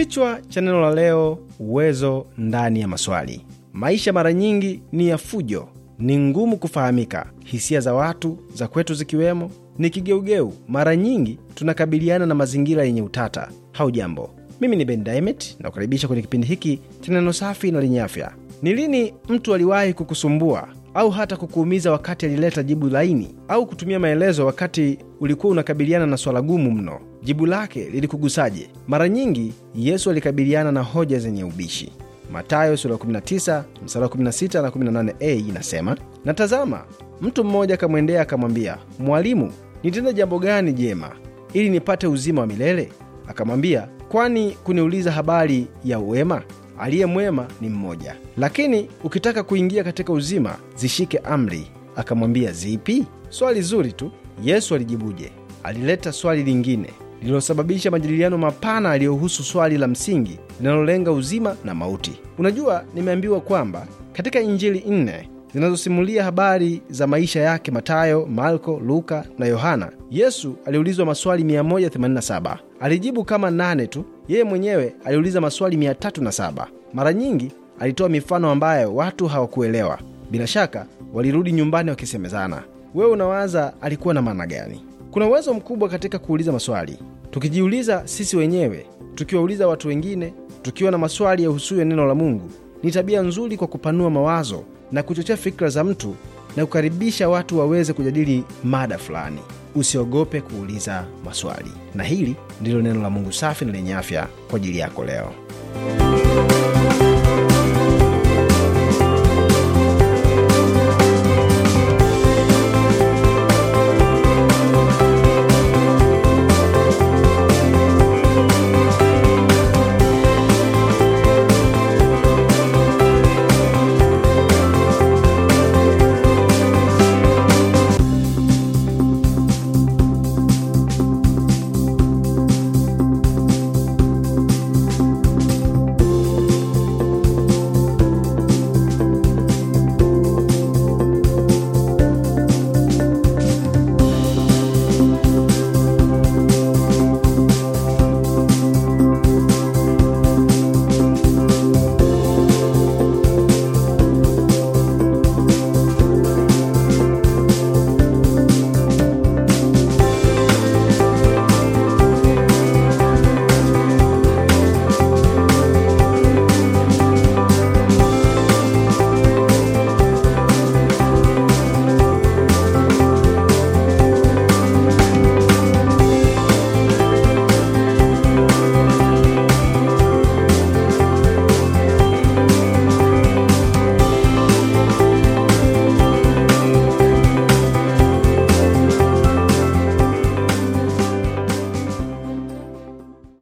Kichwa cha neno la leo: uwezo ndani ya maswali. Maisha mara nyingi ni ya fujo, ni ngumu kufahamika, hisia za watu za kwetu zikiwemo ni kigeugeu. Mara nyingi tunakabiliana na mazingira yenye utata. jambo mimi ni Ben Dimet na kukaribisha kwenye kipindi hiki cha neno safi na lenye afya. Ni lini mtu aliwahi kukusumbua au hata kukuumiza wakati alileta jibu laini au kutumia maelezo wakati ulikuwa unakabiliana na swala gumu mno? Jibu lake lilikugusaje? Mara nyingi Yesu alikabiliana na hoja zenye ubishi. matayo sura 19 16 na 18a inasema, natazama tazama, mtu mmoja akamwendea akamwambia, Mwalimu, nitende jambo gani jema ili nipate uzima wa milele? Akamwambia, kwani kuniuliza habari ya uwema? Aliye mwema ni mmoja, lakini ukitaka kuingia katika uzima zishike amri. Akamwambia, zipi? Swali zuri tu. Yesu alijibuje? Alileta swali lingine lililosababisha majadiliano mapana yaliyohusu swali la msingi linalolenga uzima na mauti. Unajua, nimeambiwa kwamba katika Injili nne zinazosimulia habari za maisha yake Matayo, Marko, Luka na Yohana, Yesu aliulizwa maswali 187 alijibu kama nane tu. Yeye mwenyewe aliuliza maswali 307. Mara nyingi alitoa mifano ambayo watu hawakuelewa. Bila shaka walirudi nyumbani wakisemezana, wewe unawaza alikuwa na maana gani? Kuna uwezo mkubwa katika kuuliza maswali, tukijiuliza sisi wenyewe, tukiwauliza watu wengine, tukiwa na maswali yahusuyo neno la Mungu. Ni tabia nzuri kwa kupanua mawazo na kuchochea fikira za mtu na kukaribisha watu waweze kujadili mada fulani. Usiogope kuuliza maswali. Na hili ndilo neno la Mungu safi na lenye afya kwa ajili yako leo.